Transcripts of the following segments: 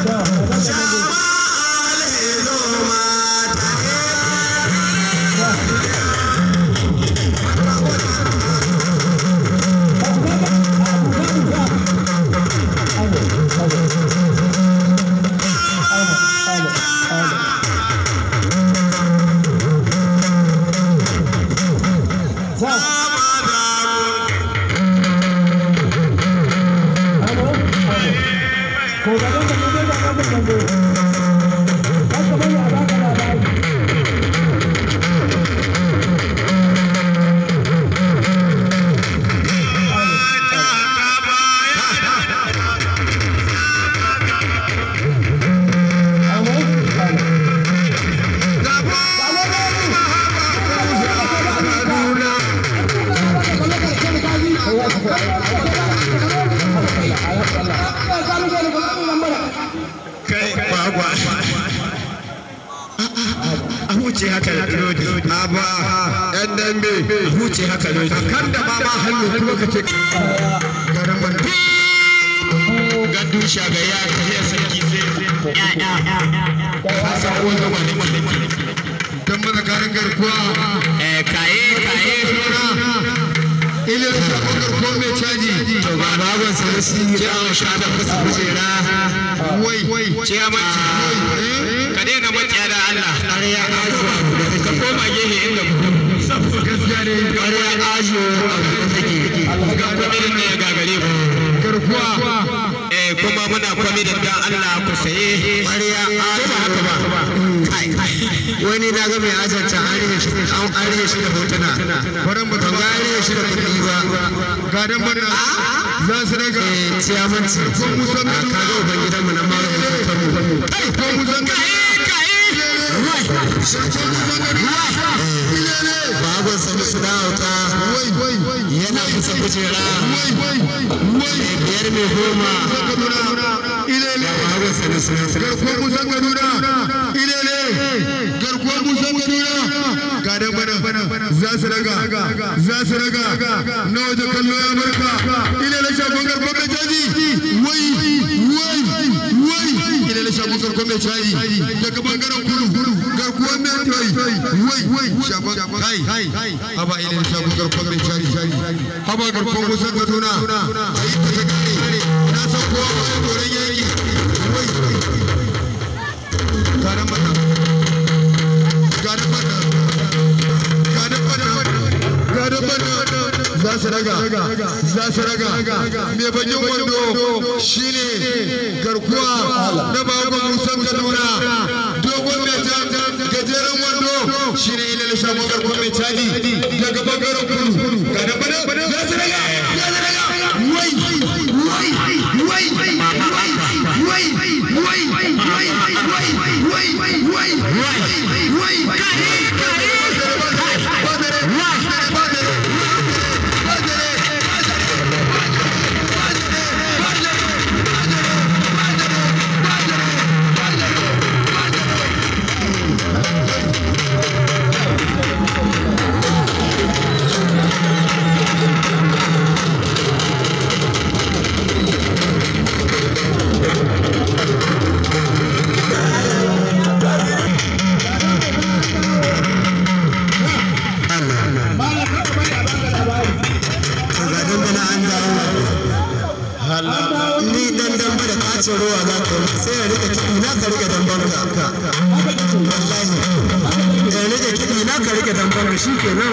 Tchau, tchau. huce haka lodi a ba ɗan dambe a huce haka lodi kan da ba ma hannu kuma kace garan ban ga dusha ga ya ta yi sarki sai ya san ko da wani wani dan mana garin garkuwa eh kai kai sura kaye ilin da ko me caji to ba ba ban sarsi ya sha da kusa kujera wai ce ya mace ka daina maciya da Allah ƙarya ajo abu da take koma gefe inda ƙarya ajo abu da take ga kwamirin gagare garkuwa eh kuma muna kwamirin dan Allah ku saye ƙarya ajo haka ba wani na ga mai azanta an arihe shi da hotuna baran ba ga arihe shi da kuɗi ba gadan bana za su daga eh, ciyamanci ko ah, ka ga na mara hoton mu ko babu sami su dawata yana kusa kujera mai biyar mai goma da babu kaduna ga dan bana za su raga za su na waje kallo ya barka ina da shagon garkuwar mai caji wai wai wai ina da shagon garkuwar mai caji daga bangaren kudu shagon kai haba ilin shagon garkon mai cari haba garkon musan kaduna na san kowa ba ya koren yanki garin mata garin mata garin mata garin mata za su raga za su raga mai bakin wando shine garkuwa na bakon musan kaduna da shagon garkuwar mai caji daga bangaren kudu ga da bana za su ni dan damba da kacin ruwa za sai ya rike kiɗi na ka rike damban ka wallahi kiɗi na ka rike damban ka shi ke nan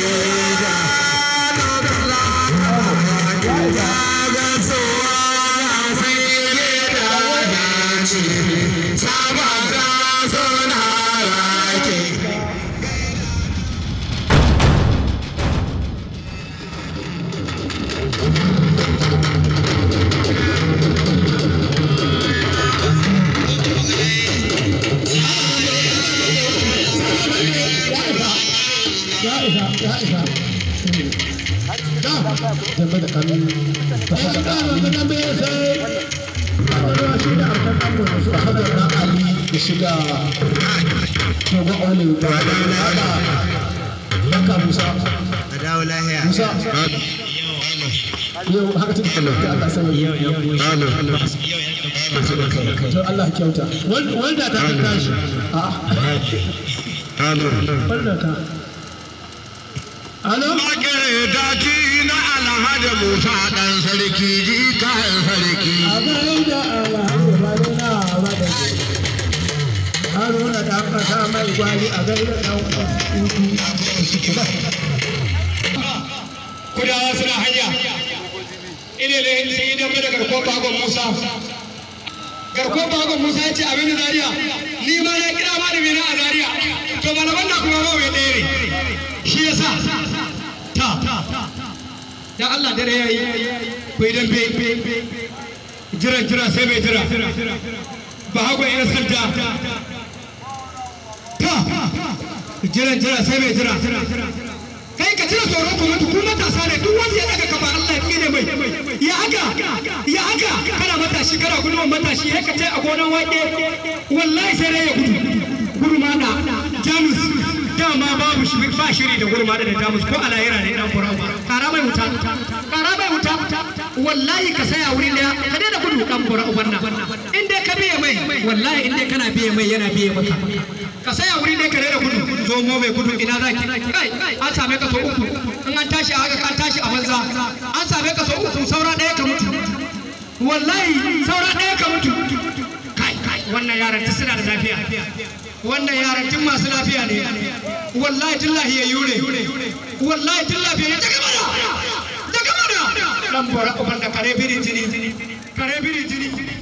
to da shi da togo olin da baka musa musa yau haka ta kallon ta Allah sai yau ya koyi to Allah kyauta wanda ta tashi a ah. wanda ta Alo? Ake daki na Alhaji Musa ɗan sarki ji kayan sarki. A da Alhaji ba na ba da haruna da kasa mai gwari a gaida ɗan kuɗi kudawa suna hanya ine da yin sun yi dambe da garkuwar bagon musa garkuwar bagon musa ya ce abin da zariya ni ma na kira ma da mena a zariya to malaman na kuma ma mai ɗaya ne shi ya sa ta da allah dare ya yi ku yi dambe jiran jira sai bai jira ba hagu yan sanda jiran jira sai mai jira kai ka jira tsoron ku kuma matasa ne duk wanda ya daga kafa Allah ya kine mai ya haka ya haka kana matashi kana gudun matashi ya ka ce a gonan wake wallahi sai dai ya gudu gudu ma da janus dama babu shi ba shiri da gudu da Jamus ko alayira ne dan kurama kara mai wuta kara mai wuta wallahi ka saya wurin da ka da gudu dan kurama ka biye mai wallahi in dai kana biye mai yana biye maka ka saya wuri kare da gudu zo mai gudu ina an same ka so uku in an tashi a an tashi a banza an same ka so uku saura ka mutu wallahi saura ka mutu kai kai wannan yaran ta suna da lafiya wannan yaran tun masu lafiya ne wallahi tillahi ya yure wallahi tillahi ya mana mana dan bora kare biri jini kare biri jini